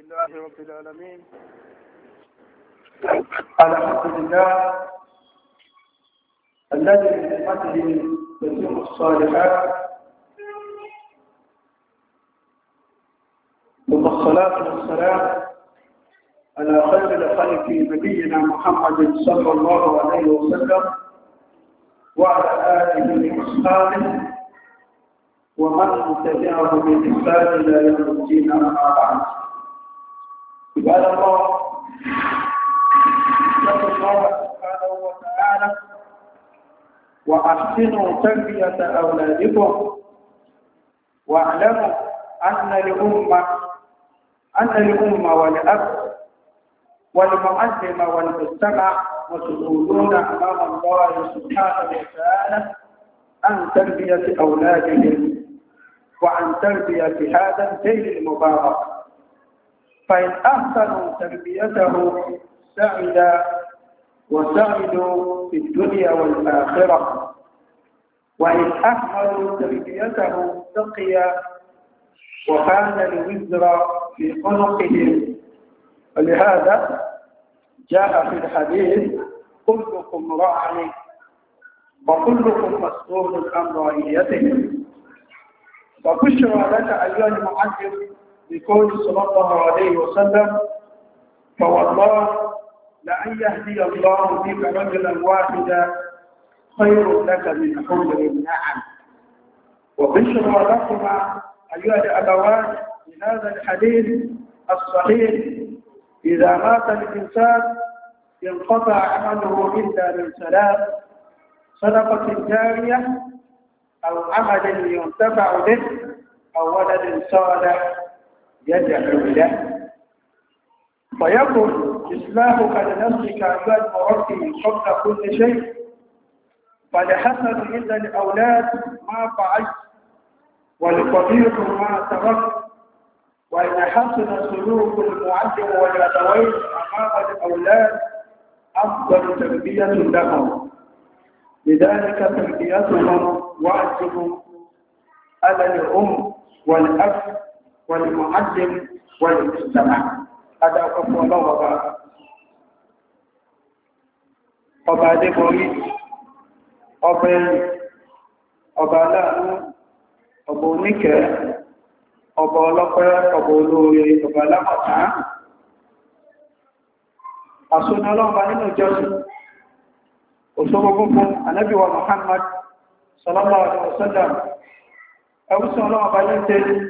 لله رب العالمين الحمد لله الذي بنعمته تتم الصالحات ثم الصلاة والسلام على خير الخلق نبينا محمد صلى الله عليه وسلم وعلى آله وأصحابه ومن تبعه بإحسان إلى يوم الدين أما بعد عباد الله اتقوا الله سبحانه وتعالى وأحسنوا تربية أولادكم واعلموا أن الأمة أن الأمة والأب والمعلم والمجتمع مسؤولون أمام الله سبحانه وتعالى عن تربية أولادهم وعن تربية هذا الجيل المبارك فإن أحسنوا تربيته سعد وسعدوا في الدنيا والآخرة وإن أحسنوا تربيته تقيا وكان الوزر في خلقهم ولهذا جاء في الحديث كلكم راعي وكلكم مسؤول عن رعيته وبشر لك أيها المعلم بقول صلى الله عليه وسلم فوالله لأن يهدي الله بك رجلا واحدا خير لك من حمر النعم وبشر لكما أيها الأبوات بهذا الحديث الصحيح إذا مات الإنسان انقطع عمله إلا من ثلاث صدقة جارية أو عمل ينتفع به أو ولد صالح يدعو له فيكن قد لنفسك عباد المربي قبل كل شيء فلحسن إلا الأولاد ما فعلت والقبيح ما تركت وإن حسن سلوك المعلم والأبوين أمام الأولاد أفضل تربية لهم لذلك تربيتهم واجب على الأم والأب والمعلم والمجتمع هذا ọkọ̀ ọlọ́wọ́ ọba ọba adébọrí ọba ẹni ọba aláàánú ọba oníkẹ ọba ọlọ́pẹ́ ọba olóore ọba alámọ̀tá àṣọ́nà ọlọ́ọ̀bá nínú ìjọsìn òṣòwògún fún anábíwa Muhammad sallallahu alaihi wasallam ẹwùsùn ọlọ́ọ̀bá lẹ́tẹ̀ẹ́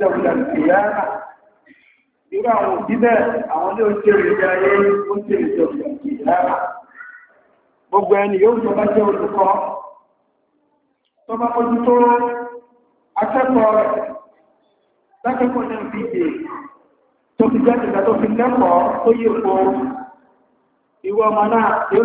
ìjọba ìyá irú àwọn òbí bẹ́ẹ̀ àwọn gbogbo ẹni yóò tó jẹ́ olùkọ́ tó bá mójú tó akẹ́kọ̀ọ́ rẹ̀ lákẹ́kọ̀ọ́ náà fi tó fi ìgbà tó fi tó ìwọ ọmọ náà yóò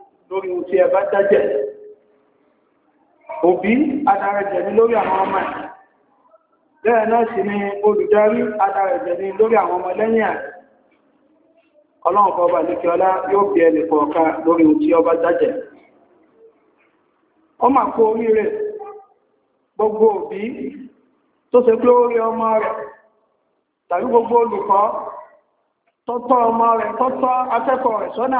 lórí ohun tí ẹ bá jẹ́jẹ́ òbí adarẹ̀jẹ̀ ni lórí àwọn ọmọ ẹ̀ bẹ́ẹ̀ náà sì ni olùdarí adarẹ̀jẹ̀ ni lórí àwọn ọmọ lẹ́yìn ẹ̀ ọlọ́run kọba lókè ọlá yóò bí ẹnì kọ̀ọ̀ká lórí ohun tí ọba jẹ́jẹ́ ọ máa kó oríire gbogbo òbí tó ṣe pé ó rí ọmọ rẹ̀ tàbí gbogbo olùkọ́ tọ́tọ́ ọmọ rẹ̀ tọ́tọ́ akẹ́kọ̀ọ́ rẹ̀ sọ́nà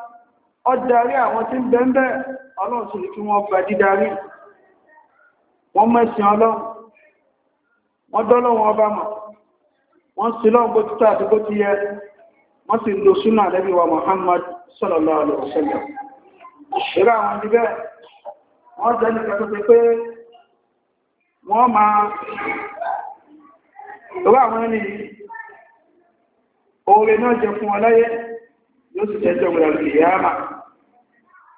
ọ darí àwọn tí ń bẹ́ńbẹ́ ọlọ́run sì kí wọ́n gba dídarí wọ́n mẹ́sìn ọlọ́run wọ́n dọ́lọ́wọ́n ọba mọ̀ wọ́n sí lọ́wọ́ bó àti bó ti yẹ wọ́n sì lo súnà lẹ́bí wa sallallahu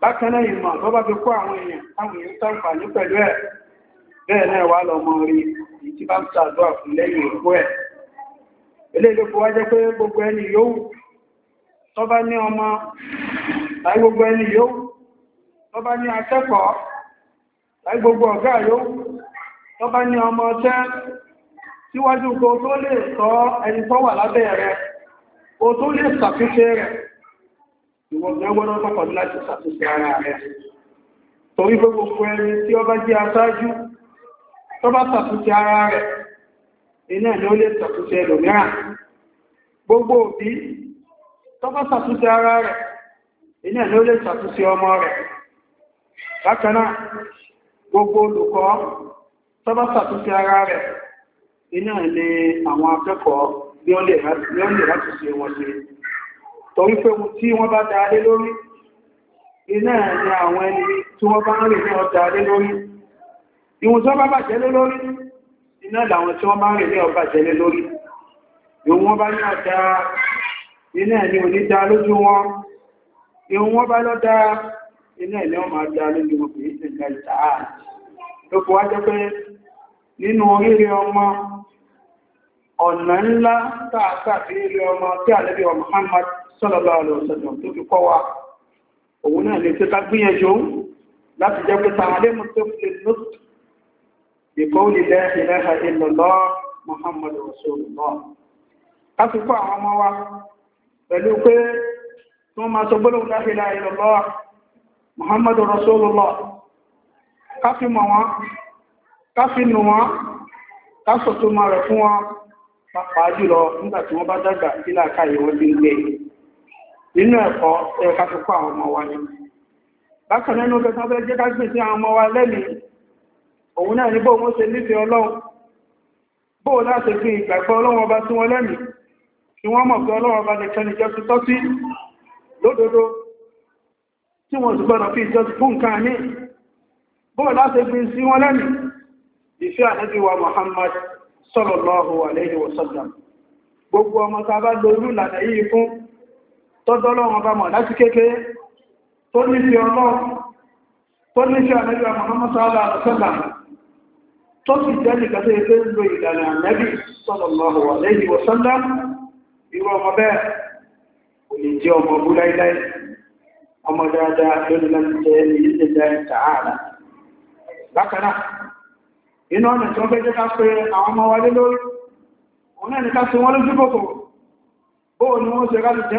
bákanáà ìmọ̀ tó bá fi kó àwọn èèyàn táwọn èèyàn sáǹfà ní pẹ̀lú ẹ̀ bẹ́ẹ̀ náà wà lọ́mọ rí èyí tí bá ń sàdúrà fún lẹ́yìn òkú ẹ̀ eléyìí ló fi wá jẹ́ pé gbogbo ẹni yóò tó bá ní ọmọ láì gbogbo ẹni yóò tó bá ní akẹ́kọ̀ọ́ láì gbogbo ọ̀gá yóò tó bá ní ọmọ ọtẹ́ síwájú kó tó lè sọ ìwọ̀n gbẹ́gbọ́nà pàpàdé láti ṣàtúnṣe ara rẹ̀ torí pé gbogbo ẹni tí ó bá jẹ́ aṣáájú tó bá ṣàtúnṣe ara rẹ̀ iná ni ó lè ṣàtúnṣe ẹlòmíràn gbogbo òbí tó bá ṣàtúnṣe ara rẹ̀ iná ni ó lè ṣàtúnṣe ọmọ rẹ̀ bákan náà gbogbo olùkọ́ tó bá ṣàtúnṣe ara rẹ̀ iná ni àwọn akẹ́kọ̀ọ́ bí ó lè látúnṣe wọn ṣe torí pé tí wọ́n bá dáadé lórí iná ni àwọn ẹni tí wọ́n bá ń rìn ní ọjà adé lórí ìwọ̀n tí wọ́n bá bàjẹ́ lé lórí iná làwọn tí wọ́n bá rìn ní ọjà jẹ́ lórí ìwọ̀n bá ní ọjà ni ò ní dá lójú wọn ìwọ̀n wọ́n bá ni wọ́n máa dá lójú ọ̀nà ńlá tààtà sí ilé ọmọ tí àlẹ́bí wa Muhammad sallallahu alaihi wasallam tó fi kọ́ wa òun náà lè ṣe ká gbìyànjú láti jẹ́ pé tààlé mú tó muhammadu rasulullah ká ti kọ́ àwọn ọmọ wa pẹ̀lú pé tí wọ́n máa rasulullah ká fi mọ̀ wọn ká fi nù wọn ká sọ tó máa rẹ̀ fún wọn pàápàá jùlọ nígbà wọ́n bá dàgbà sí làákàyè wọn ti ń gbé nínú ẹ̀kọ́ ẹ̀ka tó kọ́ àwọn ọmọ wa ní bákan nínú ọgbẹ́ tán fẹ́ jẹ́ ká gbé sí àwọn ọmọ wa lẹ́nu òun náà ní bóun ó ṣe nífẹ̀ẹ́ ọlọ́run bóun láti fi ìgbàgbọ́ ọlọ́run ọba sí wọn lẹ́nu kí wọ́n mọ̀ pé ọlọ́run ọba nìkan ni jẹ́ tutọ́ sí lódodo tí wọ́n sì gbọ́dọ̀ fi wa Muhammad sallallahu alaihi wasallam gbogbo ọmọ tá a bá tọ́jọ́lọ́wọ́n bá mọ̀ láti kékeré tó ní fi ọlọ́run tó ní fi ànẹ́bíwà Muhammad sallallahu alaihi wasallam tó sì jẹ́ nìkàtẹ́ ẹgbẹ́ ń lo ìlànà ànẹ́bí sallallahu ọmọ bẹ́ẹ̀ kò jẹ́ ọmọ bákanáà iná ọ̀nà tí wọ́n fẹ́ jẹ́ ká pé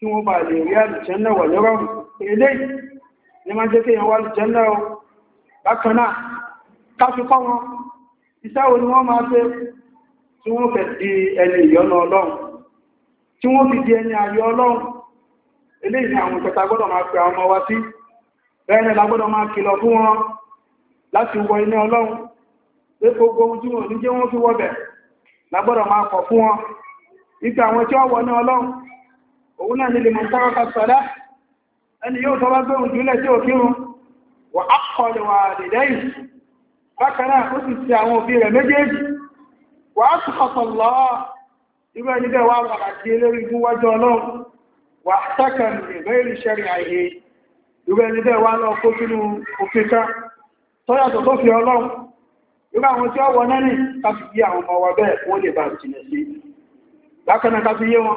kí wọ́n bá lè rí àlùjẹ́nà wà lọ́rọ̀rùn eléyìí ni máa jẹ́ kí èèyàn wá àlùjẹ́nà ọ bákan káfíkọ́ wọn iṣẹ́ wo ni wọ́n máa fẹ́ tí wọ́n fẹ́ di ẹni ìyọ́nà ọlọ́run tí wọ́n fi di ẹni àyọ ọlọ́run eléyìí ni àwọn ìpẹta gbọ́dọ̀ máa pe àwọn ọmọ wa sí bẹ́ẹ̀ òun náà nílé mọ̀ tọ́rọ̀kà sọ́lá ẹni yóò tọ́rọ gbé òjúlẹ̀ tí ó kírun wà á kọlù wà dìdẹ́yìn bákaná ó sì ti àwọn òbí rẹ̀ méjèèjì wà á tún kọ̀tọ̀ lọ irú ẹni bẹ́ẹ̀ wà wà àti eléri fún tó fi ọlọ́run irú àwọn tí ó wọ náà ní ká yí àwọn ọmọ wa bẹ́ẹ̀ wọ́n lè bá jìnà sí bákaná ká fi wọn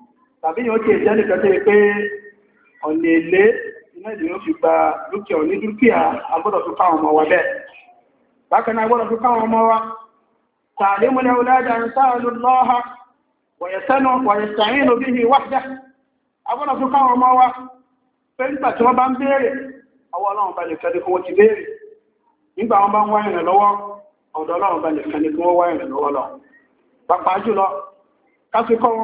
tàbí yóò kè jẹ́ nìkan tó yẹ pé ọ̀nà èlé iná ìdíyàn fi gba dúkìá òní dúkìá agbọ́dọ̀ tó káwọn ọmọ wa bẹ́ẹ̀ bákan náà agbọ́dọ̀ tó káwọn ọmọ wa tààrí múlẹ̀ ọlọ́dà ń sáàlù lọ́ha wọ̀yẹ̀sẹ́nu wọ̀yẹ̀sẹ̀yìn agbọ́dọ̀ tó káwọn ọmọ wa pé nígbà tí wọ́n bá ń béèrè ọwọ́ ọlọ́run nìkan kí wọ́n ti béèrè nígbà bá ń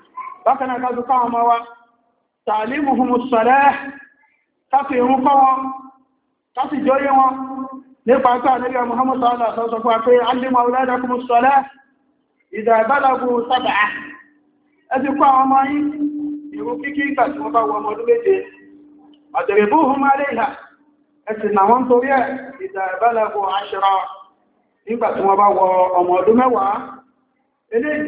bákan náà kájú káwọn ọmọ wa tààlímù fún mùsọ̀lẹ́ káfí ìrún kọ́ wọn káfí jọyé wọn nípa tó àníbíà Muhammad sọ́lá sọ́sọ́ fún apé alímù awladakum mùsọ̀lẹ́ ìdà ìbálàgbò sábà ẹ ti kọ́ àwọn ọmọ yín ìgbà tí wọ́n bá wọ ọmọ ọdún mẹ́wàá eléyìí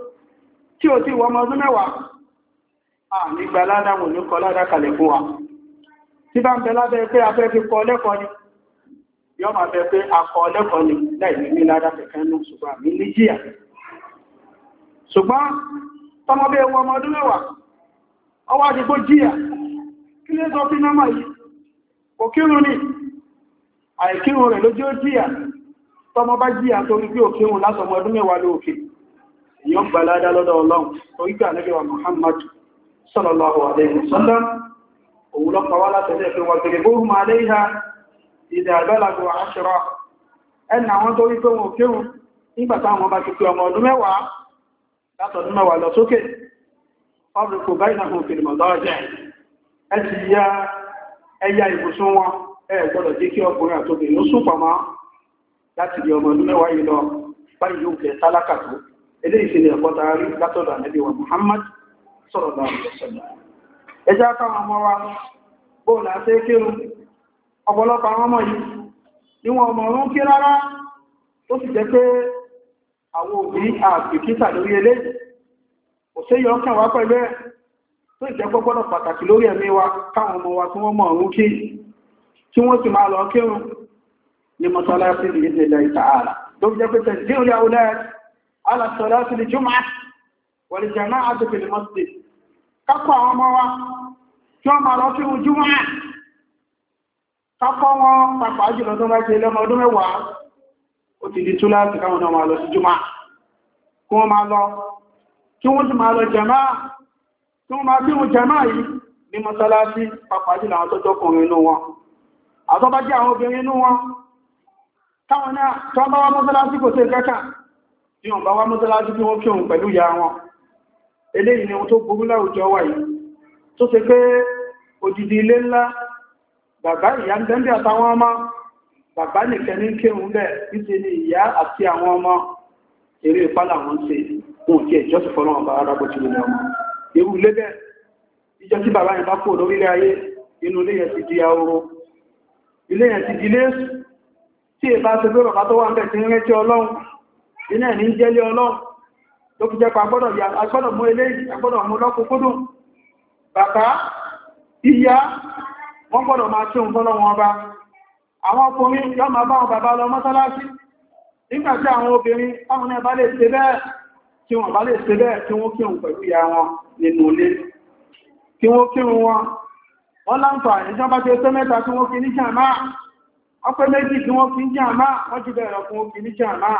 tí ò tí wọ́n ọdún mẹ́wàá à nígbà ládàmù ní kọ ládàkalẹ̀ fún wa tí bá ń bẹ lábẹ́ pé afẹ́ fi kọ lẹ́kọ̀ọ́ ni yọ́ máa bẹ pé akọ lẹ́kọ̀ọ́ ni láìní ní ládàkẹ̀kẹ́ náà ṣùgbọ́n àmì ní jíyà ṣùgbọ́n tọmọ wọ ọmọ ọdún mẹ́wàá ọwọ́ àdìgbò jíyà jíyà tọmọ bá jíyà torí pé òkírun ọdún mẹ́wàá lóòkè èèyàn gbà ládá lọ́dọ̀ ọlọ́run torí pé ànábì wa Muhammad sallallahu alaihi wasallam òun lọ́pàá wá látẹ̀lẹ́ pé wọ́n gẹ̀rẹ̀ bóhùn máa lé ìhà ìdẹ̀ àgbàlagbò àṣírọ́ ẹnà àwọn tó rí pé wọn kírun nígbà táwọn bá ti pé ọmọ ọdún mẹ́wàá látọ̀dún mẹ́wàá lọ sókè ọ̀rẹ́kò báyìí náà fún fìlìmọ̀ lọ́ọ̀jẹ́ ẹ ti ya ẹya láti di ọmọ ọdún mẹ́wàá yìí lọ báyìí yóò kẹ́ tálákà ilé ìṣẹ̀lẹ̀ ọkọtara rí látọ̀dọ̀ ànábì wa Muhammad sọrọ alaihi wasallam ọmọ wa bóòlù àti kéru ọ̀pọ̀lọpọ̀ àwọn ọmọ yìí níwọ̀n ọmọ ọ̀rún kí rárá tó sì jẹ́ pé àwọn òbí àpìkítà lórí eléyìí kò sí yọ pẹ̀lú ẹ̀ wa káwọn ọmọ wa tí wọ́n mọ̀ على صلاة الجمعة والجماعة في المسجد kákọ́ àwọn ọmọ wa tí wọ́n máa lọ sí ojúmọ́ à kákọ́ wọn pàpà jùlọ tó bá ṣe lọ́mọ ọdún mẹ́wàá ó ti di túlá ti káwọn náà máa lọ sí jùmọ́ kí wọ́n máa lọ kí wọ́n ti máa lọ jàmáà tí wọ́n máa bí wọn jàmáà yìí ní mọ́sálásí pàpà jùlọ àwọn tọ́jọ́ kùnrin inú wọn àtọ́bá jẹ́ àwọn obìnrin inú wọn táwọn náà tọ́ bá wá mọ́sálásí kò sí kẹ́kà tí wọ́n bá wá mọ́sálásí bí wọ́n kí òun pẹ̀lú ìyá wọn eléyìí ni ohun tó burú láwùjọ wà yìí tó ṣe pé òdìdí ilé ńlá bàbá ìyá ń tẹ́ndẹ̀ àtàwọn ọmọ bàbá nìkẹ́ ní kéhùn bẹ́ẹ̀ níṣe ni ìyá àti àwọn ọmọ eré ìpálà wọn ṣe wọn kí ẹjọ́ sì fọ́nà ọba arábọ̀ tí wọ́n mọ́ irú ilé bẹ́ẹ̀ ìjọ tí bàbá yẹn bá kú lórílẹ̀ ayé inú ilé yẹn ti di ahoro ilé yẹn ti di ilé tí èbá ṣe gbé bàbá tó wà ń bẹ̀ ti ń rẹ́tí ọlọ́run iná ní jẹ́lé ọlọ́run tó fi jẹ́ pa agbọ́dọ̀ mú eléyìí agbọ́dọ̀ mú lọ́kùnkúndùn bàbá ìyá wọ́n gbọ́dọ̀ máa tí òun tọ́lọ́ wọn bá àwọn ọkùnrin yọ́ máa bá wọn bàbá lọ mọ́sálásí nígbàtí àwọn obìnrin táwọn náà bá lè ṣe bẹ́ẹ̀ tí wọ́n bá lè ṣe bẹ́ẹ̀ tí wọ́n kírun pẹ̀lú ìyá wọn nínú ilé kí wọ́n kírun wọn wọ́n láǹfà ìjọba tí ó tẹ́ mẹ́ta tí wọ́n kí ní jàmáà ọpẹ́ méjì tí wọ́n kí ní jàmáà wọ́n jù bẹ̀rẹ̀ fún kí ní jàmáà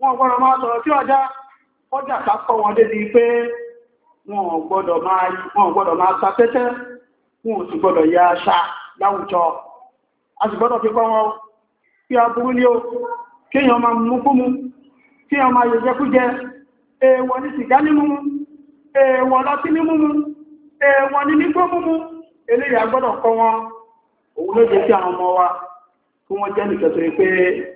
wọn gbọ́dọ̀ máa sọ̀rọ̀ tí ọjá ọjà sápọ̀ wọn pé wọn gbọ́dọ̀ máa sàtẹ́tẹ́ wọn sì gbọ́dọ̀ ya aṣa láwùjọ a sì gbọ́dọ̀ fi wọn kí a burú ní o kéèyàn máa mú fún mu kí a máa yẹ̀jẹ́ kújẹ ni sìgá ní ní ni eléyà gbọ́dọ̀ kọ́ wọn òun ló jẹ́ ọmọ wa kí wọ́n jẹ́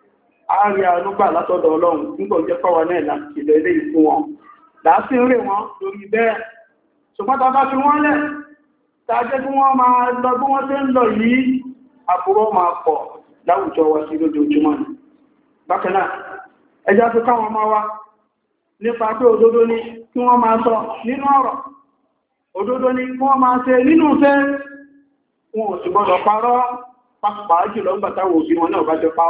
ààrẹ àánúgbà látọ̀dọ̀ ọlọ́run nígbà jẹ́ pọ́wọ́ náà láti ìlẹ̀ ilé ìfú wọn láti ń wọn lórí bẹ́ẹ̀ ṣùgbọ́n bá fi wọ́n lẹ̀ kí wọ́n máa lọ bí wọ́n tẹ́ ń lọ yìí àbúrò máa pọ̀ láwùjọ wa sí lójoojúmọ́ ni ẹjá káwọn máa wá ni kí wọ́n máa sọ nínú ọ̀rọ̀ òdodo ni kí wọ́n máa ṣe nínú ṣe wọn ò sì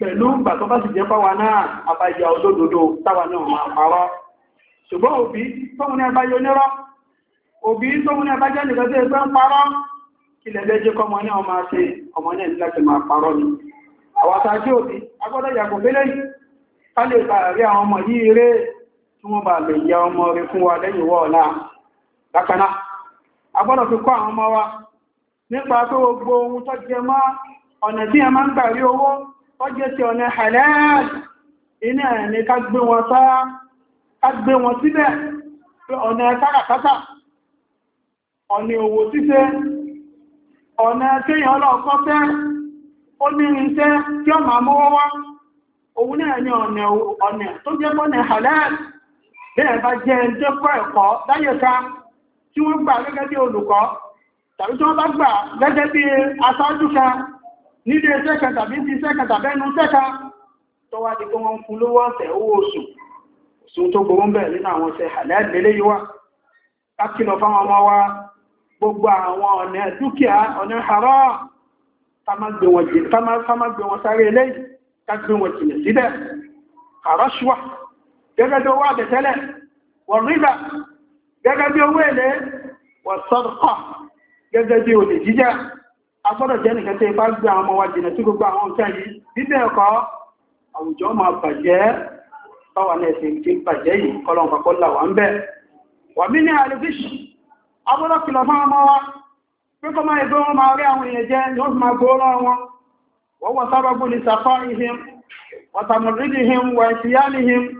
pẹ̀lú ìgbà tó bá sì jẹ́ pàwà náà àbájá olódodo táwà náà máa parọ́ ṣùgbọ́n òbí tóhun ní àbájá onírọ́ òbí tóhun ní àbájá nìkan tó ẹgbẹ́ ń parọ́ ilẹ̀ lẹ́jẹ́ kọmọ ní ọmọ ṣe ọmọ náà ní láti máa parọ́ ni àwọ̀tàjí òbí agbọ́dọ̀ yàgò bẹ́lẹ̀ yìí ká lè bá rí àwọn ọmọ yìí rẹ̀ tí wọ́n bá lè ya ọmọ rẹ̀ fún wa agbọ́dọ̀ ọjọ́ tí ọ̀nà halal iná ẹ̀ni ká gbé wọn sára ká gbé wọn síbẹ̀ pé ọ̀nà káràkátà ọ̀nà òwò ṣíṣe ọ̀nà kéyàn ọlọ́ọ̀kọ́fẹ́ ó ní irinṣẹ́ tí ó máa mọ́wọ́ wá òun náà ni ọ̀nà tó jẹ́ mọ́nà halal bẹ́ẹ̀ bá jẹ́ ẹjọ́ kọ́ ẹ̀kọ́ láyẹ̀ká tí wọ́n gbà gẹ́gẹ́ bí olùkọ́ tàbí tí wọ́n bá gbà gẹ́gẹ́ bí aṣáájú nílé ẹsẹ́ kan tàbí ti iṣẹ́ kan tàbí ẹnu iṣẹ́ kan tó wá di pé wọ́n ń fún lówó ọ̀sẹ̀ owó oṣù oṣù tó gbogbo ń bẹ̀ nínú àwọn iṣẹ́ àlẹ́lẹ́lẹ́ yìí wá kákìlọ̀ fáwọn ọmọ wa gbogbo àwọn ọ̀nà dúkìá ọ̀nà haram ká má gbé agbọ́dọ̀ jẹ́ nìkan tẹ́ ipá gbé àwọn ọmọ wa jìnà sí gbogbo àwọn nǹkan yìí bíbẹ̀ ẹ̀kọ́ àwùjọ máa bàjẹ́ báwa náà ṣe ti bàjẹ́ yìí kọlọ̀n pàpọ̀ là wà ń bẹ̀ wà mí ní àlùfíṣì agbọ́dọ̀ kìlọ̀ máa máa rí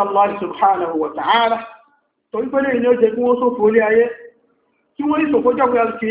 Allah subhanahu wa ta'ala torí pé lè ní ó jẹ́ kí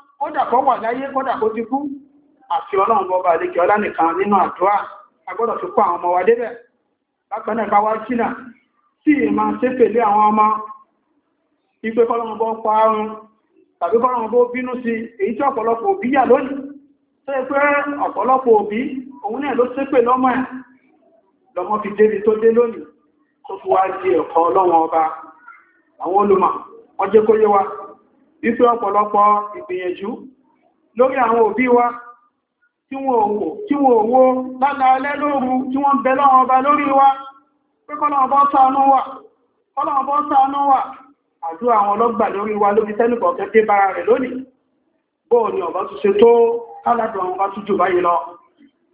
kódà kó wà láyé kódà kó ti kú àti ọlọ́run bọba àlejò ọlá nìkan nínú àdúrà agbọ́dọ̀ fi kó àwọn ọmọ wa débẹ̀ bákan náà káwá jìnà sí ìmọ̀ sépèlé àwọn ọmọ ìgbé kọ́lọ́run bọ́ pa arun tàbí kọ́lọ́run bó bínú sí èyí tí ọ̀pọ̀lọpọ̀ òbí yà lónìí tó yẹ pé ọ̀pọ̀lọpọ̀ òbí òun náà ló sépè lọ́mọ ẹ̀ lọ́mọ fi débi tó dé lónìí tó fi wá di ẹ̀kọ́ ọlọ́run ọba àwọn olùmọ̀ wọ́n jẹ́ kó yé wa wípé ọ̀pọ̀lọpọ̀ ìgbìyànjú lórí àwọn òbí wa tí wọ́n owó lálàálẹ́ lóru tí wọ́n bẹ lọ́wọ́ ọba lórí wa pé kọ́lọ̀ọ̀bọ́ ṣàánú wa àdúrà àwọn ọlọ́gbà lórí wa lóbi tẹ́lùkọ̀ kẹ́ dé bára rẹ̀ lónìí bóò ni ọba tún ṣe tó kálàdùn àwọn ọba tún jù báyìí lọ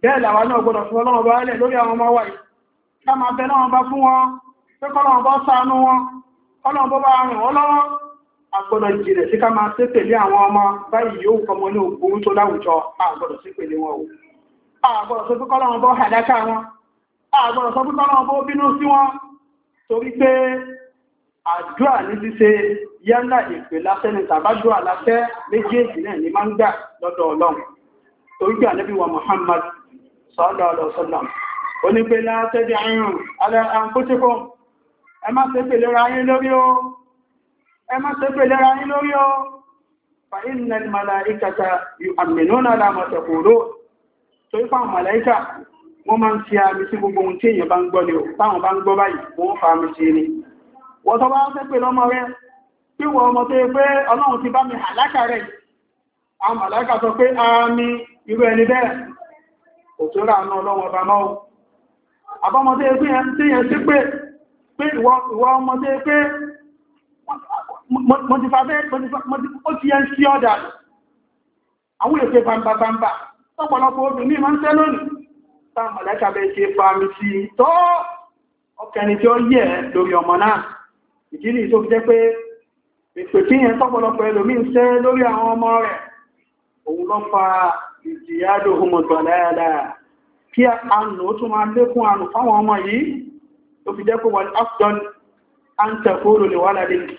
bẹ́ẹ̀ làwà náà gbọ́dọ̀ fún ọlọ́wọ́ bá rẹ̀ lórí àwọn ọmọ wa yìí ká máa bẹ lọ́wọ́ bá fún wọn pé kọ́lọ̀ọ̀bọ́ ṣàánú wọn kọ́lọ̀ọ̀bọ́ bá rẹ̀ wọ́n lọ́wọ́ agbọ́dọ̀ jìnà sí ká máa àwọn ọmọ báyìí yóò kọmọ ní òkúrú tó láwùjọ wọn o àgbọ́dọ̀ sọ fún kọ́lọ́wọ́n bọ́ àdáká wọn àgbọ́dọ̀ sọ fún kọ́lọ́wọ́n bọ́ bínú sí wọn torí pé àdúrà ní ṣíṣe yálà ìpè lásẹ́ ni tàbájúà méjèèjì náà ni máa ń gbà lọ́dọ̀ ọlọ́run torí pé ànábì wa Muhammad sallallahu alaihi wasallam onípe látẹ́dẹ̀ àrùn ẹ má ṣépè lẹ́ra yín lórí o fa inna al-malaikata yu'minuna ala ma taqulun tó ipá àwọn màláíkà wọ́n máa ń ti àmì sí gbogbo ohun tí èèyàn bá ń gbọ́ ni o táwọn bá ń gbọ́ báyìí wọ́n fa àmì sí ni wọ́n tó bá ń ṣépè lọ́mọ rẹ tí wọ́n ọmọ tó yẹ pé ọlọ́run ti bá mi àlákà rẹ̀ àwọn màláíkà sọ pé àmì irú ẹni bẹ́ẹ̀ òtún láàánú ọlọ́run ọba máa àbọ́mọdé pé ẹ̀ ń tí yẹn sí pé ìwọ ọmọdé pé mọ̀tífàfẹ́ ó ti yẹn sí ọ̀dà àwọn èké bambambamba tọ́pọ̀lọpọ̀ obìnrin ma ń tẹ́ lónìí táà mọ̀lẹ́kà bẹ́ ṣe fàmì sí tó ọkẹni tí ó yẹ lórí ọmọ náà ìdílé tó fi jẹ́ pé èpè kí yẹn tọ́pọ̀lọpọ̀ ẹlòmí ń tẹ́ lórí àwọn ọmọ rẹ̀ òun lọ fa ìjìyàdò homotọ̀lẹ́ẹ̀lẹ́ kí àánú tó máa lékún àánú fáwọn ọmọ yìí tó fi jẹ́ pé wọ́n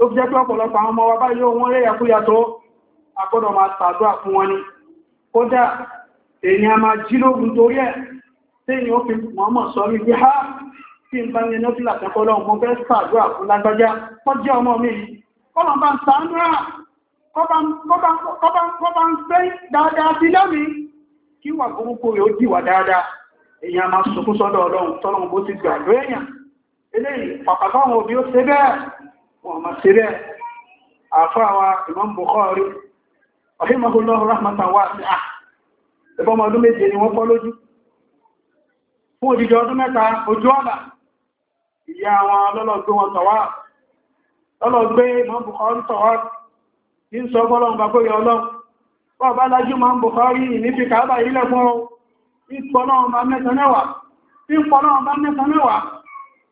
tó fi jẹ́ pé ọ̀pọ̀lọpọ̀ àwọn ọmọ wa báyìí wọ́n rẹ̀ yàkúyà tó agbọ́dọ̀ máa ṣàdúrà fún wọn ni kódà èyàn máa jí lógun torí ẹ̀ tẹ́yìn ó fi mọ́mọ̀ sọ ní pé ha tí n bá ní ẹni ó fi làtẹ́kọ́lọ́ ọmọ fẹ́ ṣàdúrà fún lágbájá kọ́ jẹ́ ọmọ mi kọ́nà bá ń ṣàdúrà kọ́bá ń fẹ́ dáadáa sí lẹ́mìí kí wà gbogbo rẹ̀ ó jìwà dáadáa èyàn máa sọkún sọ́dọ̀ ọlọ́run tọ́lọ́run bó ti gbàdúrà èyàn eléyìí pàpàkọ́ àwọn òbí ó ṣe bẹ́ẹ̀ wọn ma ṣeré àfọ́ àwọn Imam Bukhari rahimahullahu rahmatan wasi'a ẹ̀bọ́n ọmọ ọdún méje ni wọ́n fọ́ lójú fún òjìjọ ọdún mẹ́ta ojú ọ̀nà ìyá àwọn ọlọ́lọ́gbé wọn tọ̀wá ọlọ́gbé Imam Bukhari tọ̀wá ní sọ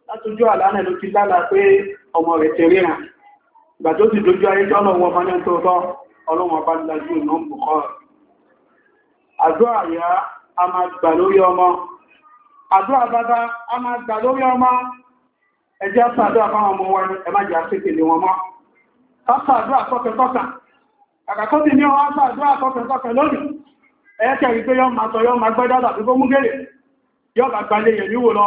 látójú àlànà ló ti lálàá pé ọmọ rẹ̀ ti ríran ìgbà tó ti dojú ayé jọ́nà wọn bá ní tó tọ́ ọlọ́wọ́n bá dájú ìnà ń bùkọ́ àdúrà yá a máa gbà lórí ọmọ àdúrà bàbá a máa gbà lórí ọmọ ẹjẹ́ sàdúrà fáwọn ọmọ wa ní ẹmájẹ́ àṣíkèlè wọn mọ́ sàdúrà tọ́kẹtọ́kà àkàkọ́ ti ní ọwọ́ sàdúrà tọ́kẹtọ́kà lónìí ẹ̀ẹ́kẹ̀rí pé yọ́ máa sọ yọ́ máa gbẹ́dá tàbí kó mú gẹ́rẹ̀ yọ́ bàgbà lè yẹ̀ níwò lọ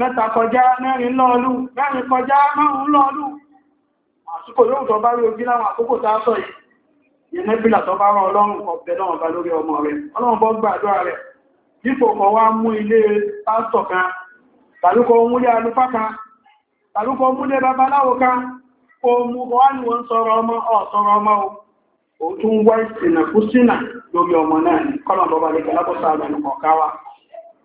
mẹ́ta kọjá mẹ́rin lọ́ọ̀lú mẹ́rin kọjá márùn lọ́ọ̀lú àsìkò yóò tọ́ bá rí ojú láwọn àkókò tààtọ̀ yìí ìyẹnẹ́bìlà bá rán ọlọ́run náà bá ọmọ rẹ̀ ọlọ́run bọ́ gbàdúrà rẹ̀ dípò kan wá mú ilé pásítọ̀ kan tàbíkọ múlé kan múlé babaláwo kan kó mú wá ní wọ́n sọ̀rọ̀ o tún wá ìsìnà kú lórí ọmọ náà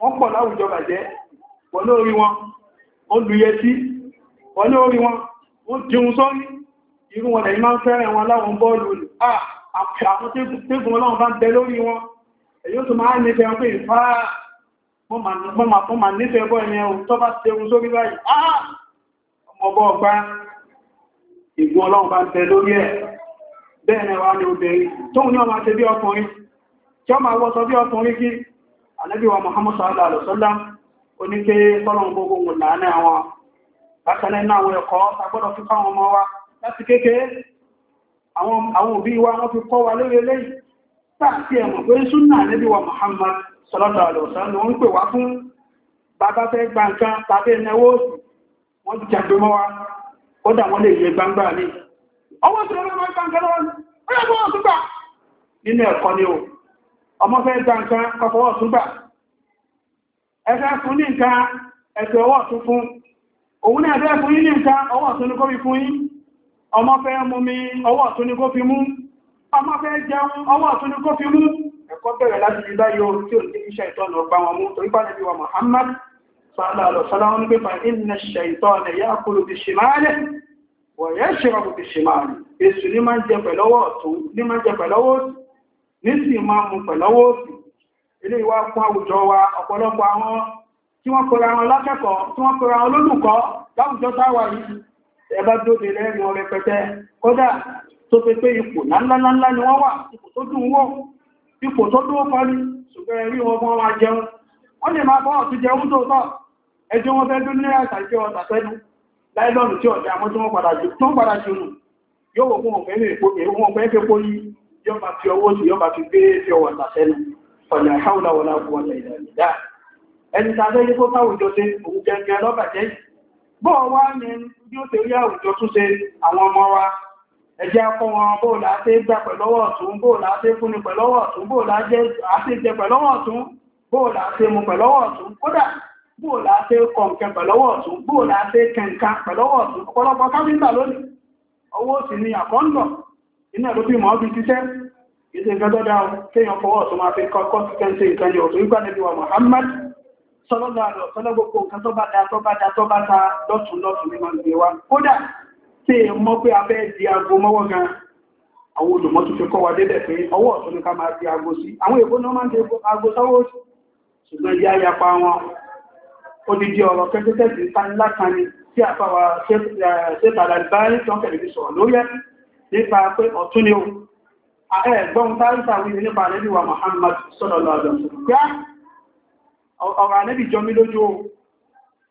wọ́n pọ̀ láwùjọ bàjẹ́ wọ́n lórí wọn ó lùyẹ sí wọ́n lórí wọn ó jẹun sọ́rí irú wọn lẹ́yìn máa ń fẹ́rẹ̀ wọn láwọn bọ́ọ̀lù ah, àwọn tẹ́gùn ọlọ́run bá ń bẹ lórí wọn èyí tó máa ń nífẹ̀ẹ́ pé ìfá ah, wọ́n máa nífẹ̀ẹ́ bọ́ ẹni ẹ̀hùn tó bá tẹ́gùn sórí báyìí ah, ọmọbọ́ ọgbá ìgùn ọlọ́run bá ń bẹ lórí ẹ̀ bẹ́ẹ̀ ni wà ní obìnrin tóun ní ọmọ àti bí ọkùnrin tí ọmọ àwọ́sọ bí ọkùnrin kí anábíwa muhammad sallallahu alaihi wasallam ó ní pé fọ́lọ̀n gbogbo wọn láàrin àwọn bákanẹ́ náà awọn fi ọmọ wa láti keke awọn obi wa wọ́n fi kọ́ wa lórí eléyìí táàkì ẹ̀mọ̀ sallallahu alaihi wasallam ti wa lè yẹ gbangba ọwọ́ lọ́wọ́ nínú ẹ̀kọ́ ni ọmọ fẹ́ gba nǹkan ọfọwọ́ tún gbà ẹgbẹ́ fún ní nǹkan ẹ̀tọ́ ọwọ́ tún fún òun náà bẹ́ẹ̀ fún yí ní nǹkan ọwọ́ tún ní kó fi fún yí ọmọ fẹ́ mú mi ọwọ́ tún ní kó fi mú ọmọ fẹ́ jẹun ọwọ́ tún ní kó fi mú ẹ̀kọ́ bẹ̀rẹ̀ láti rí báyọ tí ò ní iṣẹ́ ìtọ́nà ọgbà wọn mú torí bá nàbí wa Muhammad sallallahu alaihi wa yashrabu nísì ma mú pẹ̀lọ́wọ́ òsì ilé ìwà fún àwùjọ wa ọ̀pọ̀lọpọ̀ àwọn tí wọ́n pẹ̀rọ wọn lákẹ́kọ̀ọ́ tí wọ́n pẹ̀rọ àwọn lólùkọ́ láwùjọ táwà yìí ẹbá dóde lẹ́nu rẹpẹtẹ kódà tó na pé ipò ni wọ́n wà ipò tó dùn wọ́ ipò tó jẹun dún yọba fi ọwọ́ sí yọba fi gbé fi ọwọ́ ìtàsẹ́nu ọ̀nà ìhàwùlà wọ̀nà àbúwọ̀nà ẹni tàbí yíkó táwùjọ sí òun gẹ́gẹ́ lọ́bàjẹ́ bọ́ wá ní bí ó tẹ̀rí àwùjọ tún ṣe àwọn ọmọ wa ẹjẹ́ akọ́ wọn bóò láti gbà pẹ̀lọ́wọ́ ọ̀tún bóò láti fúnni pẹ̀lọ́wọ́ iná ló bí mọ́ bí títẹ́ ìdí nǹkan tó dáa kéèyàn fọwọ́ tó máa fi kọ́ kọ́sítẹ́ǹsì nǹkan yóò tó ń gbàdébí wa Muhammad sọ́lọ́lọ́ àlọ́ sọ́lọ́gbogbo nǹkan tó bá da tó bá da tó bá ta lọ́tún lọ́tún ní máa ń gbé wa kódà tí è mọ́ pé abẹ́ di aago mọ́wọ́ gan àwọn olùmọ́ tó fi kọ́ wa débẹ̀ pé ọwọ́ ọ̀tún ní ká máa di aago sí àwọn èèbó náà máa ń di aago sáwọ́ ṣùgbọ́n yá yapa wọn odidi ọ̀rọ̀ kẹ́kẹ́kẹ́ sí tánilátani tí àfàwà ṣẹ́tàlá eh, báyìí tó ń kẹ̀lé sọ̀rọ̀ lórí ẹ̀ nípa pé ọ̀tún ni ó ẹ̀gbọ́n táríta wíri nípa ànẹ́bí wa Muhammad sọ́lọ̀lọ́ ọ̀rọ̀ ànẹ́bí jọmí o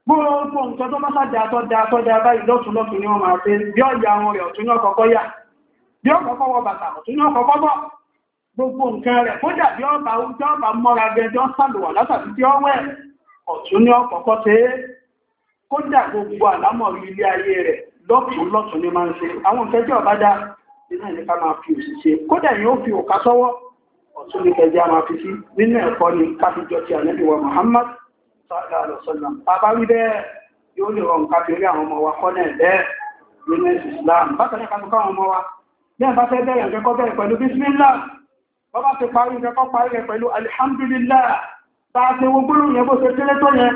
gbogbo nǹkan tó bá sáàdá tó dá ní rẹ̀ ọ̀tún ọkọkọ ọba ọba mọ́ra gẹjọ́ sàlùwà látàbí tí ọ̀tún gbogbo àlámọ̀ ilé ayé rẹ̀ lọ́pù lọ́tún ní máa ń ṣe àwọn ìfẹ́jọ́ ọ̀bájá nínú ẹ̀nìká máa fi òsì ṣe kódà yóò fi òkà sọ́wọ́ ọ̀tún ní kẹjá máa fi sí nínú ẹ̀kọ́ ni káfíjọ ti ànẹ́bíwọ̀ Muhammad sallallahu alaihi wasallam bàbá wí bẹ́ẹ̀ yóò lè rọrùn káfí rí àwọn ọmọ wa kọ́ náà bẹ́ẹ̀ nínú Islam bákan náà káfíkọ́ àwọn ọmọ wa bí a bá fẹ́ bẹ̀rẹ̀ ìrẹ́kọ́ bẹ̀rẹ̀ pẹ̀lú bismillah bọ́ bá ti parí ìrẹ́kọ́ parí rẹ̀ pẹ̀lú alhamdulillah bá a ti wo gbólóhùn yẹn bó ṣe kéré tó yẹn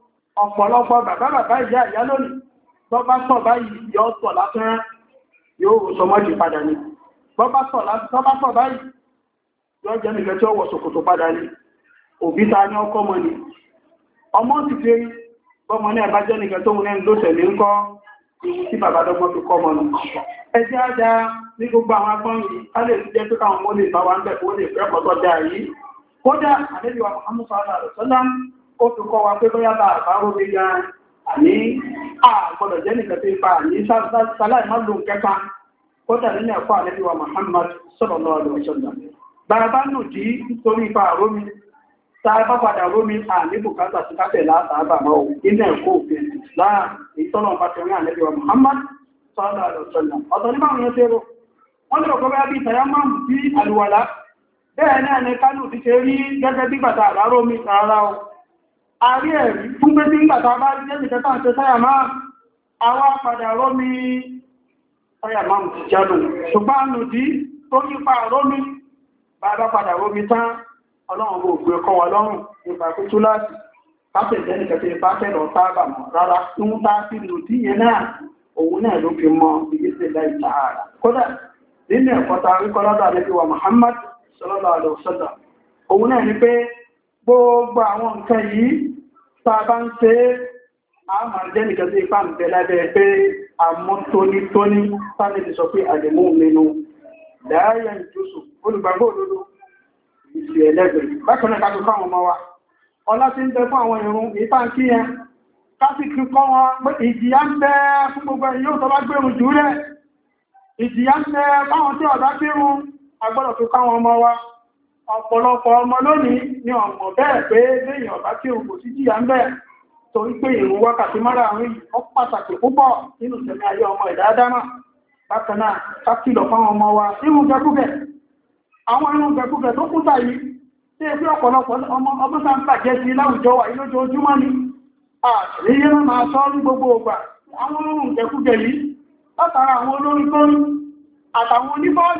ọ̀pọ̀lọpọ̀ bàbá bàbá ìyá ìyá lónìí tó bá sọ báyìí yọ sọ lásán yóò rò sọmọ́ jù padà ní tó bá sọ báyìí yọ jẹ́ nìkan tí ó wọ̀ ṣòkòtò padà ní òbí ta ní ọkọ́ mọ́ ni ọmọ ti fi bọ́mọ ní àbájẹ́ nìkan tó mú lẹ́nu lóṣẹ̀ ní ń kọ́ ìwú tí bàbá dọ́gbọ́n fi kọ́ mọ́ nù ẹjẹ́ ajá ní gbogbo àwọn akọ́ yìí ká lè jẹ́ pé káwọn mọ́ lè bá wa ń bẹ̀ kó lè ó fi kọ́ wa pé bóyá bá àbárò mi gan àní àgbọ̀dọ̀ jẹ́ nìkan tó ipa àní sáláì má lò kẹta ó dà nínú ẹ̀kọ́ àlẹ́bí wa Muhammad sallallahu alaihi wasallam bàbá nù dí nítorí ipa àró mi tá a bá padà ró mi àní bùkátà sí káfẹ́ látàbà mọ́ ò nínú ẹ̀kọ́ òfin láà ìtọ́nà bá àlẹ́bí wa Muhammad sallallahu alaihi wasallam ọ̀tọ̀ nígbà wọn ṣe rò wọ́n lè rọ̀kọ́ bá bí ìtàyà máa ni kánù ti ṣe rí gẹ́gẹ́ bí bàtà àbárò àrí ẹ̀rí fún pé tí ń gbàtà bá jẹ́ ìjẹta ń ṣe sáyà máa àwọn àpàdà rọ́mí sáyà máa ti jádù ṣùgbọ́n nùdí tó nípa rọ́mí bàbá padà rọ́mí tán ọlọ́run gbogbo ẹ̀kọ́ wa lọ́rùn nípa kútú láti káfẹ́ ìjẹ́nìkẹ́tẹ́ bá tẹ́lọ sáàbà mọ̀ rárá tí wọ́n bá Muhammad sallallahu alaihi wasallam òun ni pé gbogbo àwọn nǹkan yìí sábá ń ṣe a máa jẹ́ nìkan sí ipá ń bẹ lábẹ́ pé a mọ́ tónítóní sáàlẹ̀ sọ pé àdèmú mẹ́nu láàáyà ìjọsù olùgbàgbọ́ òdodo ìṣẹ́ ẹlẹ́gbẹ̀ẹ́ bákanáà kájú fáwọn ọmọ wa ọlá ti ń bẹ fún àwọn ìrun ìpá ń kí yẹn kásìkì kọ́ wọn pé ìjìyà ń bẹ fún gbogbo ẹ̀yìn yóò tọ́bá gbẹ̀rùn jù rẹ̀ ìjìyà tí ọ̀dá kírun agbọ́dọ̀ tó káwọn ọmọ wa ọ̀pọ̀lọpọ̀ ọmọ lónìí ni ọ̀mọ̀ bẹ́ẹ̀ pé léèyàn bá kí òun kò sí jìyà ń bẹ̀ torí pé èrò wákàtí mara àwọn yìí ó pàtàkì púpọ̀ nínú ìṣẹ̀mí ayé ọmọ ìdáadáma bákan náà sákìlọ̀ ọmọ wa irun àwọn irun tó tí ọmọ ọdún ń bàjẹ́ sí láwùjọ lójoojúmọ́ ni àṣìlẹ́yẹ máa sọ ní gbogbo àwọn irun yìí látara àwọn olórin àtàwọn làwọn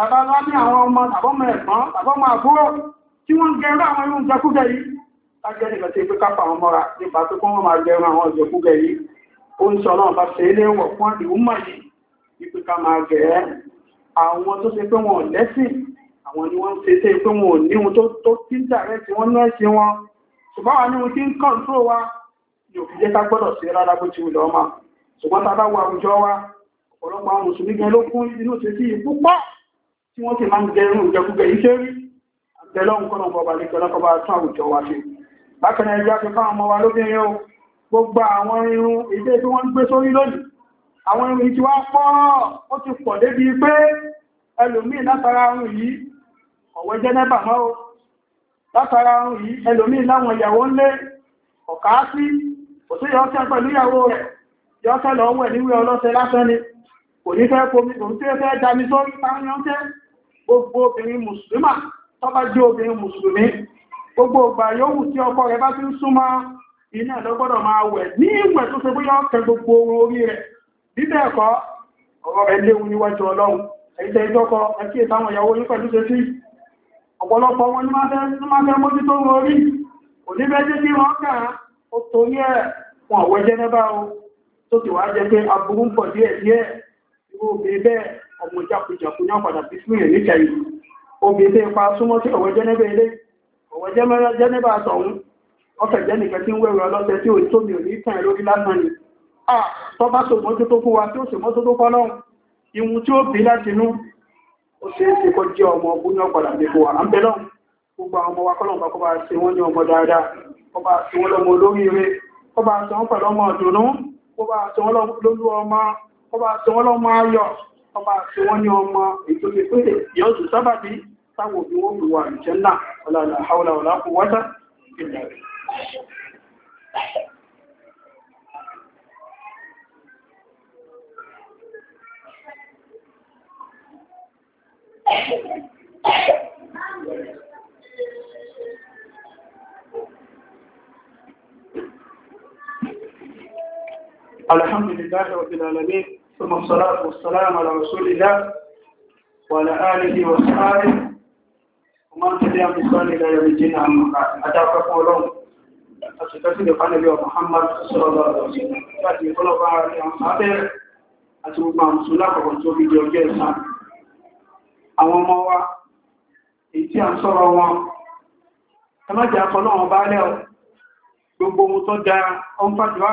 bàbá lọ ní àwọn ọmọ tàbọ́mọ ẹ̀gbọ́n tàbọ́mọ àbúrò tí wọ́n gẹ̀rọ àwọn irú jẹkúgẹ̀ yìí lájẹ́ nìkan tí pé kápá àwọn mọ́ra nípa tó kún wọ́n máa gẹ̀rọ àwọn jẹkúgẹ̀ yìí ó ń sọ náà bá ṣe ilé wọ̀ fún ìwúmọ̀ yìí wípé ká máa gẹ̀ẹ́ àwọn tó ṣe pé wọn ò lẹ́sìn àwọn ni wọ́n ṣe tẹ́ pé wọn ò ní ohun tó tí ń jàrẹ́ tí wọ́n náà ṣe wọn ṣùgbọ́n wà ní ohun tí ń kàn tó tá bá wo àwùjọ wa ọ̀pọ̀lọpọ̀ àwọn mùsùlùmí gan ló kún inú ṣe sí ipú tí wọ́n sì máa ń gẹrún ìjẹkúgẹ iṣẹ́ rí àbẹ̀lọ́hun kọ́nà ọba ní kọlọ́kọba tún àwùjọ wa ṣe bákanáà ẹjọ́ fi fáwọn ọmọ wa lóbìnrin o gbogbo àwọn irun ilé tí wọ́n ń gbé sórí lónìí àwọn irun tí wá pọ̀ ó ti pọ̀ débi pé ẹlòmíì látara irun yìí ọ̀wẹ́ jẹ́nẹ́bà mọ́ o látara irun yìí ẹlòmíì láwọn ìyàwó ńlé ọ̀ká sí kò sí yọ́sẹ̀ pẹ̀lú ìyàwó rẹ̀ yọ́sẹ̀ lọ́wọ́ ẹ̀ níwé ọlọ́sẹ̀ lásán ni kò ní fẹ́ komi kò ní fẹ́ dami sórí táwọn yọ́sẹ̀ gbogbo obìnrin mùsùlùmá tó jẹ́ obìnrin mùsùlùmí gbogbo ọgbà yòówù tí ọkọ rẹ̀ bá ti ń súnmọ́ iná lọ́gbọ́dọ̀ máa wẹ̀ ní ìwẹ̀ tó ṣe bóyá ọkẹ gbogbo orí rẹ̀ bíbẹ̀ ọ̀rọ̀ rẹ̀ léwu níwájú ọlọ́run ẹ̀jẹ̀ ìjọkọ ẹ̀kí o tó ti wá ọmọ jákujàku ní àpàdà bí fún ìrìn níkẹyì obì tí ipa súnmọ́ sí ọ̀wẹ́ jẹ́nẹ́bẹ̀ ilé ọ̀wẹ́ jẹ́nẹ́bà sọ̀hún ọ̀fẹ́ jẹ́nìkẹ́ tí ń wẹ̀rẹ̀ ọlọ́sẹ̀ tí ò tó mi ò ní tàn lórí lásán ni à tọ́ bá so mọ́tò tó fún wa tí ó sì mọ́tò tó fọ́lọ́ ìwù tí ó bí láti inú ó sì ń sikọ́ jẹ́ ọmọ ọgbọ́n ní ọ̀pàdà bí fún wa à ń bẹ́lọ́ gbogbo àwọn ọmọ wa kọ́lọ̀ ọmọ ọmọ ọmọ àti wọ́n ní ثم الصلاة والسلام على رسول الله وعلى آله وصحبه ومن تبعهم بإحسان إلى يوم الدين أما بعد أتاكم ولهم أتكتب لقاء النبي محمد صلى الله عليه وسلم láti ìfọ́lọ́pá rẹ̀ àwọn sábẹ́ àti gbogbo àwọn mùsùlùmí àkọ́kọ́ tó fi di ọjọ́ ẹ̀san àwọn ọmọ wa èyí tí a ń sọ̀rọ̀ wọn ẹmọ́jà akọ́lọ́wọ́n bá lẹ́ gbogbo ohun tó dáa ọ́n pàdùwà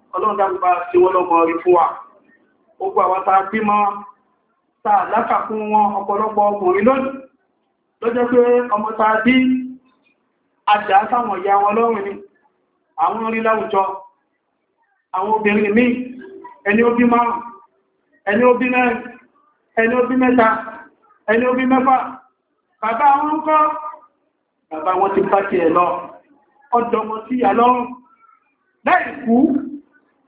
ọlọ́run dágbà tí wọ́n lọ́mọ rí fún wa gbogbo àwọn tá a bí mọ́ tá a lákà fún wọn ọ̀pọ̀lọpọ̀ ọkùnrin lónìí ló jẹ́ pé ọmọ tá a bí àjà sáwọn ìyá wọn lọ́rùn ni àwọn rí láwùjọ àwọn obìnrin míì ẹni ó bí márùn ẹni ó bí mẹ́rin ẹni ó bí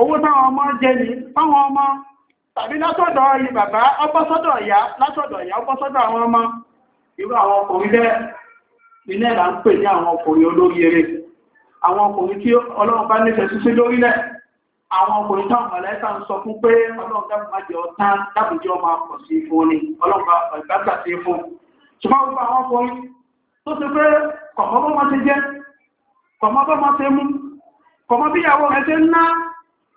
owó táwọn ọmọ jẹ ní fáwọn ọmọ tàbí látọ̀dọ̀ yí bàbá ọpọ́sọ́dọ̀ ìyá látọ̀dọ̀ ìyá ọpọ́sọ́dọ̀ àwọn ọmọ irú àwọn ọkùnrin bẹ́ẹ̀ ilẹ̀ là ń pè ní àwọn ọkùnrin olórí eré àwọn ọkùnrin tí ọlọ́run bá nífẹ̀ẹ́ sí lórílẹ̀ àwọn ọkùnrin táwọn ń sọ fún pé ọlọ́run jẹ ọmọ akọ̀ sí fún ni ọlọ́run bá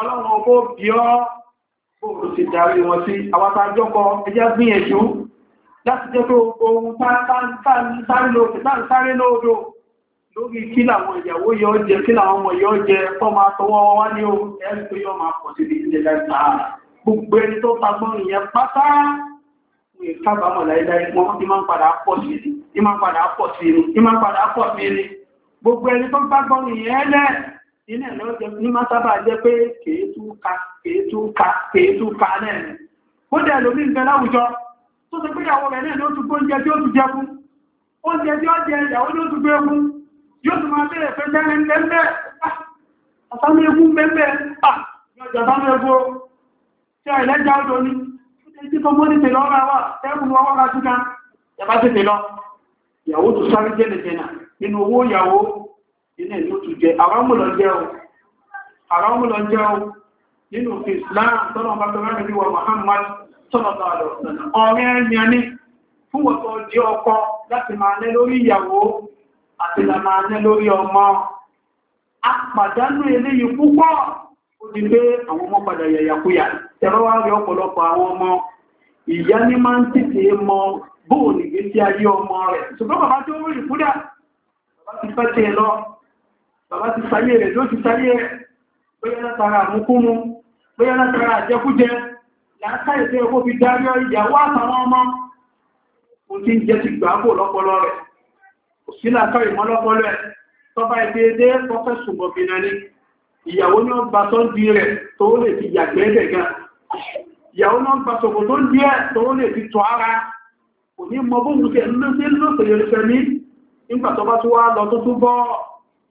ọlọ́run ọgbó bí ọ́ bóòrò ti darí wọn sí àwátá jọ́kọ́ ẹjẹ́ gbìyànjú láti jẹ́ pé ohun sáré lóòdó lórí kí làwọn ìyàwó yọ jẹ kí làwọn ọmọ yọ jẹ kọ́ máa tọwọ́ wá ní ohun ẹ̀rí tó yọ máa pọ̀ sí ilẹ̀ láìpá gbogbo ẹni tó tagbọ́n ìyẹn pátá ní kábàámọ̀ láìláì wọ́n ti máa ń padà pọ̀ sí ni gbogbo ẹni tó tagbọ́n ìyẹn lẹ́ẹ̀ iná lọ́jọ́ ní máa jẹ́ pé kèétúka kèétúka náà ni ó dẹ̀ lómi ń bẹ láwùjọ tó sọ pé ìyàwó rẹ̀ náà ló tún gbóúnjẹ tí ó tún jẹ fún oúnjẹ tí ó jẹ ìyàwó ló tún gbé fún yóò tún máa bẹ̀rẹ̀ pé mẹ́rin lẹ́mẹ́ àtàmì egú mẹ́mẹ́ àjọ àtàmì egú tí a ìlẹ́jà ọdọ ni tí tó mọ́ ní tèlọ ọ̀rọ̀ wà tẹ́kùn wọ́n wọ́n ká túnká ilé ló tún jẹ àrámùlọ jẹ́ o nínú òfin Islam tọ́nà bá tọ́rọ ní Muhammad tọ́nà bá lọ sọ̀nà ọ̀rẹ́ ẹ̀yà ní fún wọ́tọ̀ jẹ́ ọkọ láti máa nẹ́ lórí ìyàwó àti la máa nẹ́ lórí ọmọ apàdánù eléyìí púpọ̀ ó ti gbé àwọn ọmọ padà yàyàkúyà tẹ̀rọ wá rí ọ̀pọ̀lọpọ̀ àwọn ọmọ ìyá ní máa ń tètè mọ bóòlù ìgbésí ayé ọmọ rẹ̀ ṣùgbọ́n bàbá tí ó rí ìkúdà bàbá ti fẹ́ bàbá ti sáyé rẹ̀ ló ti sáyé rẹ̀ bóyá látara àmúkúmu bóyá látara àjẹkújẹ láàká ìfẹ́ ẹkó fi dáríọ́ ìyàwó àtàwọn ọmọ ó ti ń jẹ́ ti gbàgbò lọ́pọlọ rẹ̀ kò sí láàká ìmọ́ lọ́pọlọ ẹ̀ tọ́ba ìdéédé tọ́fẹ́ ṣùgbọ́n bí náà ni ìyàwó ní ọgbà tó ń di rẹ̀ tó lè fi yàgbẹ́ gẹ̀gẹ́ ìyàwó náà gbà sọ̀kò tó ń di ẹ̀ tó lè fi tọ́ ara kò ní mọ wá lọ tó tún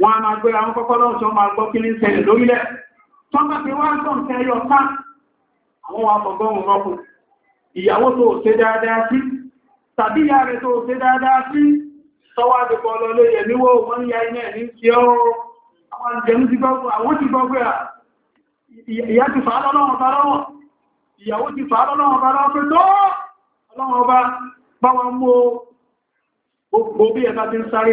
wọ́n a máa gbéra wọn kọ́kọ́ lọ́wọ́ sọ máa gbọ́ kí ní ṣẹlẹ̀ lórílẹ̀ tó bá fi wá sọ nǹkan ẹyọ ká àwọn wa fọ̀gọ́rùn rọ́pù ìyàwó tó ṣe dáadáa sí tàbí ìyá rẹ̀ tó ṣe dáadáa sí tọ́wọ́ àdìpọ̀ lọ ló yẹ níwó wọ́n ya iná ẹ̀ ní ṣe ọ́ àwọn àjẹmú ti gbọ́gbọ́ àwọn ti gbọ́gbọ́ ìyá ti fà á lọ́wọ́ bá lọ́wọ́ ìyàwó ti fà á lọ́wọ́ bá lọ́wọ́ pé tó ọlọ́wọ́ bá bá wọn mú gbogbo bí ẹ̀ta ti ń sáré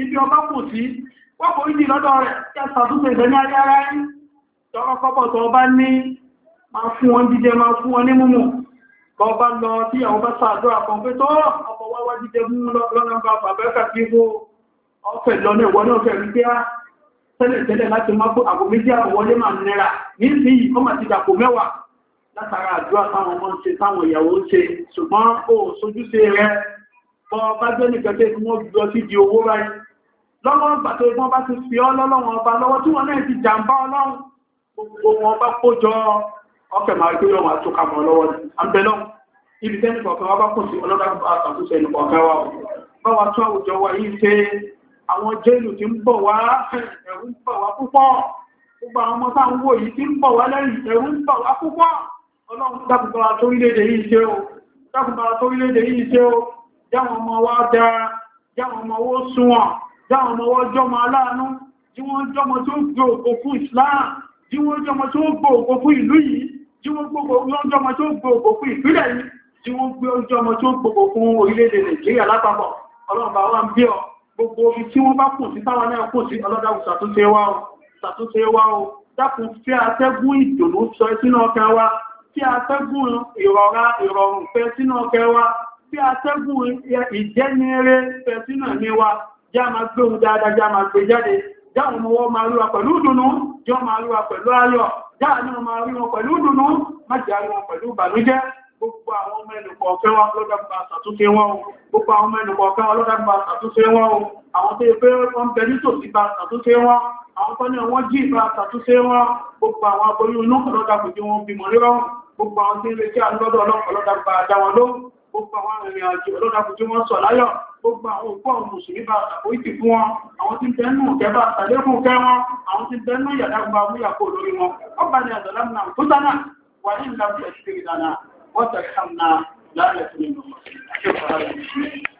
ibi ọba kù sí wọ́pọ̀ ìdí lọ́dọ̀ rẹ̀ yàtàtúnṣe ìdẹ́ni adára rí tọ́kọ́kọ́pọ̀ tó bá ní máa fún wọn jíjẹ máa fún wọn ní múmù bọ́ọ̀bá lọ tí àwọn bá sàádọ́ àkọ́gbé tó ọkọ̀ wáwá jíjẹ mú lọ́nà bá bàbẹ́kà tí ó ọ̀fẹ́ lọ́nà ìwọ́n náà fẹ́ rí pé á ah, tẹ́lẹ̀tẹ́lẹ̀ láti máa kó àgbò méjì àwọlé máa nira nísìnyí ó máa ti dàpò mẹ́wàá látara àdúrà táwọn ọmọ ń ṣe táwọn ìyàwó ń ṣe ṣùgbọ́n ó sojúṣe rẹ̀ ọba jẹ́ nìkẹ́kẹ́ tí wọ́n lọ sí di owó ráyí lọ́wọ́ ń pàtó ìgbọ́n bá ti fi ọ́ lọ́lọ́wọ́n ọba lọ́wọ́ tí wọ́n náà ti jàǹbá ọlọ́run gbogbo wọn bá kójọ ọkẹ̀ máa gbé ọmọ àtúkà mọ́ lọ́wọ́ àbẹ̀lọ́ ibi tẹ́ni kọ̀ọ̀kan wá bá kùn sí ọlọ́dún àtàkùnṣe ẹnì kọ̀ọ̀kan wa bá wa tún àwùjọ wa yìí ṣe àwọn jẹ́lù tí ń bọ̀ wá ẹ̀rù ń bọ̀ wá púpọ̀ gbogbo àwọn ọmọ táwọn wò yìí tí ń bọ̀ wá lẹ́yìn ẹ̀rù ń bọ̀ wá púpọ̀ ọlọ́run dákùnkọ́ra tó orílẹ̀-èdè yìí ṣe o jáwọn ọmọ wa dára jáwọn ọmọ wó súnwọ̀n jáwọn ọmọ wọ́n jọmọ aláàánú jí wọ́n jọmọ tó gbé òkò fún Islam jí wọ́n jọmọ tó gbé òkò fún ìlú yìí jí wọ́n jọmọ tó gbé òkò fún ìpínlẹ̀ yìí tí wọ́n gbé jọmọ tó gbé òkò fún orílẹ̀-èdè Nàìjíríà lápapọ̀ ọlọ́ọ̀bà wa ń bí ọ gbogbo omi tí wọ́n bá kùn sí táwọn tí atẹ́gùn ìjẹ́nire pẹ̀sínà ní wa já ma gbé ohun dáadáa já ma gbé jáde jáwọn ọmọ wọn máa ríwa pẹ̀lú ìdùnnú jọ máa ríwa pẹ̀lú ayọ̀ jáàánú máa rí wọn pẹ̀lú ìdùnnú má jẹ́ rí wọn pẹ̀lú ìbànújẹ́ gbogbo àwọn ọmọ ẹnùkọ̀ ọ̀fẹ́ wọn lọ́dọ̀gbà ṣàtúnṣe wọn gbogbo àwọn ọmọ ẹnùkọ̀ ọ̀fẹ́ wọn lọ́dọ̀gbà ṣàtúnṣe wọn àwọn tó yẹ pé wọ́n bẹ nítòsí bá ṣàtúnṣe wọn àwọn tó ní wọ́n jí ìbá ṣàtúnṣe wọn gbogbo àwọn aboyún inú ọlọ́dàgbà jí wọn bímọ rírọ̀ gbogbo àwọn tí ń retí àlọ́dọ̀ ọlọ́pàá lọ́dọ̀gbà àdáwọn lóhùn gbogbo àwọn arìnrìn àjò olódàkùnjú wọn sọ láyọ̀ gbogbo àwọn òkú àwọn mùsùlùmí bá àtàkó ìtì fún wọn àwọn tí bẹnu kẹbà àtàlékùn kẹ wọn àwọn tí bẹnu yàdá gba múyàkó lórí wọn wọn bá ní àdàlám náà tó dáná fún ìlú